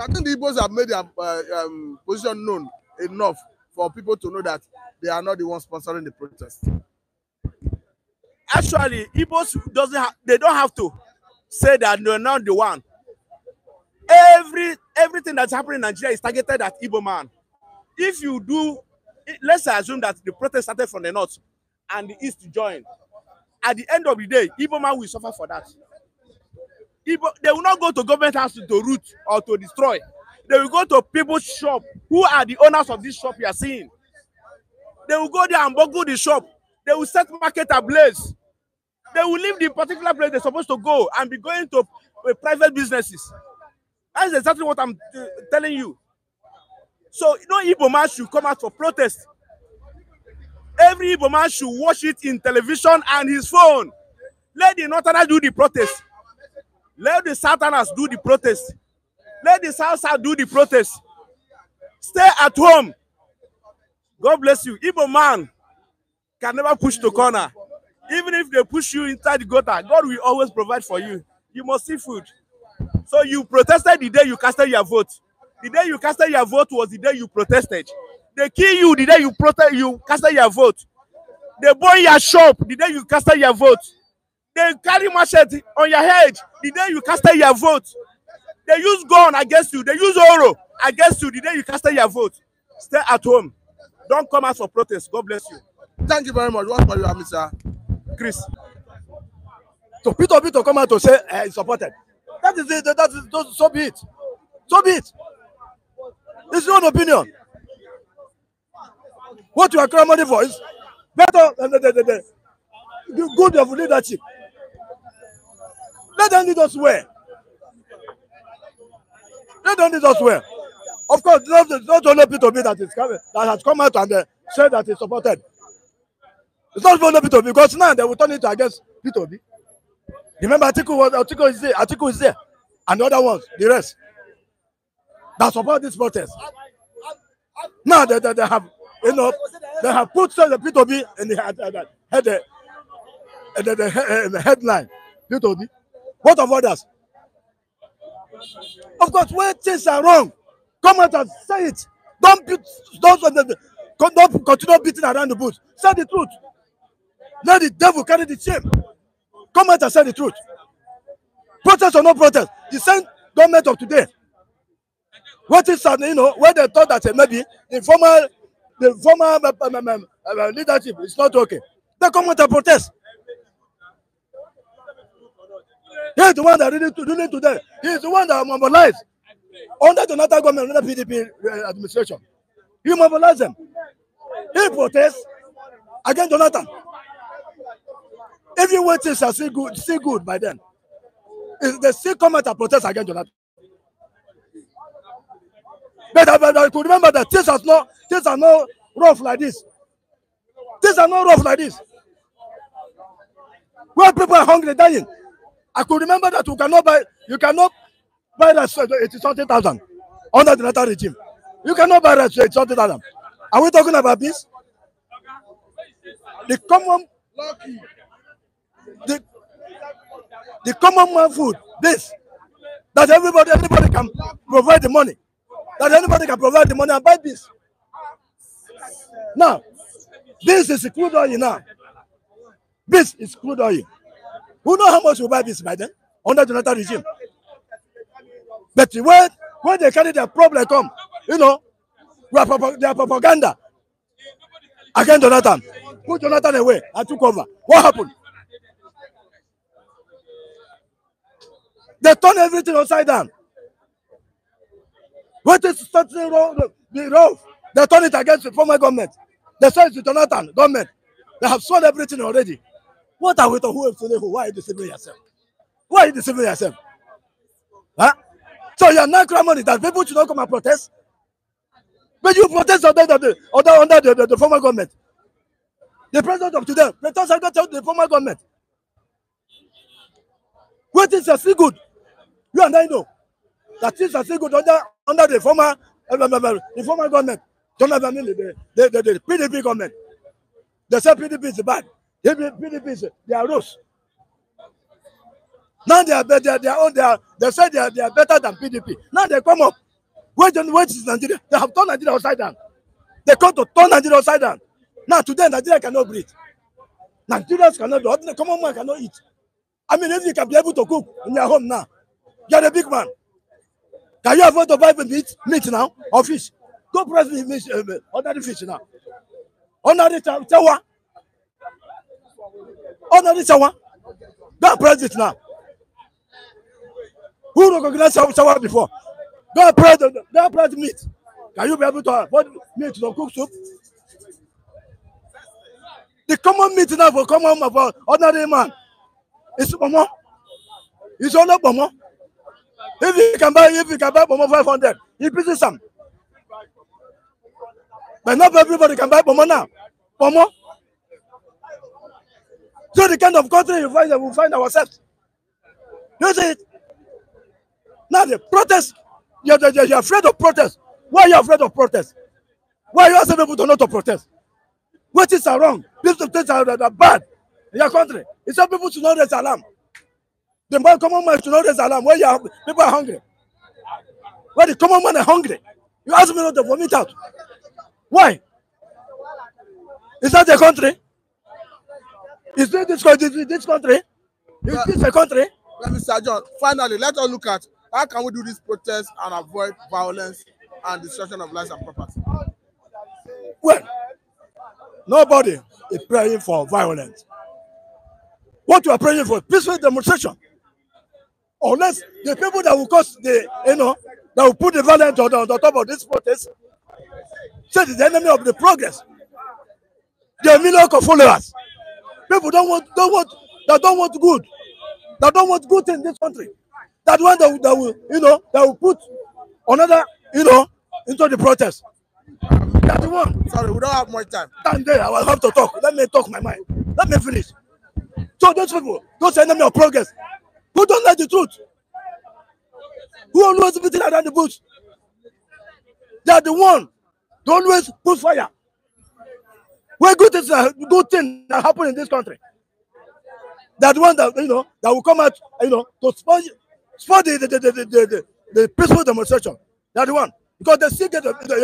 I think the Igbos have made their uh, um, position known enough for people to know that they are not the ones sponsoring the protest. Actually, Igbos doesn't ha- they don't have to say that they're not the one. Every everything that's happening in Nigeria is targeted at Igbo man. If you do, let's assume that the protest started from the north and the east joined. At the end of the day, Igbo man will suffer for that. they will not go to government house to root or to destroy. They will go to people's shop who are the owners of this shop you are seeing. They will go there and boggle the shop. They will set market ablaze. They will leave the particular place they're supposed to go and be going to uh, private businesses. That is exactly what I'm uh, telling you. So no Igbo man should come out for protest. Every Igbo man should watch it in television and his phone. Let the northerner do the protest. Let the Southerners do the protest. Let the South South do the protest. Stay at home. God bless you. Igbo man can never push the corner. Even if they push you inside the gutter, God will always provide for you. You must see food. So you protested the day you casted your vote. The day you casted your vote was the day you protested. They kill you the day you protest you casted your vote. They burn your shop the day you casted your vote. They carry machete on your head the day you cast your vote. They use gun against you. They use oro against you the day you cast your vote. Stay at home. Don't come out for protest. God bless you. Thank you very much. What for you, Mr. Chris? To Peter Peter come out to say uh, supported. That is it. That is so be it. So be it. It's your opinion. What you are crying money for is better than the, the, the, the good of leadership. Let them lead us where. Let them lead us where. Of course, not, not only Peter B is coming, that has come out and uh, said that is supported. It's not only Peter B because now they will turn it against Peter B. Remember, article was article is there, article is there, and the other ones, the rest that support this protest. Now they, they, they have you know they have put so the Peter B in the, uh, head, uh, the, the, the uh, headline Peter B. What of others? Of course, when things are wrong, come out and say it. Don't beat, don't, don't continue beating around the bush. Say the truth. Let the devil carry the shame. Come out and say the truth. Protest or no protest, the same government of today. What is happening, you know, where they thought that eh, maybe the former, the former uh, uh, leadership is not okay. They come out and protest. He's the one that really to, really to the one that mobilized under the Natal government, under PDP uh, administration. He mobilized them. He protests against Jonathan. Everyone thinks are see good, See good by then. It's, they still come out and protest against Jonathan. But I, uh, but I uh, could remember that things are not things are not rough like this. Things are not rough like this. Where people are hungry, dying. I could remember that you cannot buy, you cannot buy rice for 80 under the latter regime. You cannot buy rice for 80 something Are we talking about this? The common, the, the common man food, this, that everybody, everybody can provide the money, that anybody can provide the money and buy this. Now, this is crude oil now. This is crude oil. Who know how much will buy this by then under Jonathan regime? But when, when they carry their problem come, you know, we are their propaganda against Jonathan. Put Jonathan away. I took over. What happened? They turn everything upside down. What is starting wrong? The road. They turn it against the former government. They say it's to Jonathan government. They have sold everything already. What are we talking? Who is Sulehu? Why are you deceiving yourself? Why are you deceiving yourself? Huh? So your non-crime money that people should not come and protest. But you protest under the under, under the, the, the former government. The president of today, the President Sango told the former government. What is your still good? You and I know that things are still good under under the former uh, the former government. Don't have the, the, the, the PDP government. They say PDP is bad. They PDP, they are rose. Now they are better, they are on, they are, they said they are, they are better than PDP. Now they come up. Wait and wait Nigeria. They have turned Nigeria upside down. They come to turn Nigeria upside down. Now today Nigeria cannot breathe. Nigerians cannot do The common man cannot eat. I mean, if you can be able to cook in your home now, you're a big man. Can you afford to buy meat, meat now or fish? Go press me, fish, uh, ordinary fish now. Ordinary tawa. ọ̀nà this one, Go praise it now. Who recognize recognized Shawa before? Go praise the go praise meat. Can you be able to uh, afford meat to cook soup? The common meat now for common for ordinary man is momo. It's only momo. If you can buy, if you can buy momo five hundred, he pieces some. But not everybody can buy momo now. Momo So the kind of country that we find ourselves. You see it? Now the protest, you're, you're, you're afraid of protest. Why are you afraid of protest? Why are you asking people to not to protest? What is wrong? These things are, are bad in your country. It's not people should not raise alarm. The more common man should not raise alarm when you are, people are hungry. When the common man are hungry, you ask me not to vomit out. Why? Is that the country? Is this this country? This country? Is this a country? Mr. John, finally, let us look at how can we do this protest and avoid violence and destruction of lives and property? Well, nobody is praying for violence. What we are praying for peaceful demonstration. Unless the people that will cause the, you know, that will put the violence on, on the top of this protest, say the enemy of the progress. They are millions of followers. People don't want, don't want, that don't want good, that don't want good in this country. That one that, that will, you know, that will put another, you know, into the protest. That one. Sorry, we don't have much time. Stand there. I will have to talk. Let me talk my mind. Let me finish. So those people, those enemy of progress, who don't like the truth, who always beating around the bush, they are the one. Don't always put fire where good is a good thing that happened in this country? That one that you know that will come out, you know, to sponge spur the the, the, the, the, the peaceful demonstration. That one. Because they still get the, the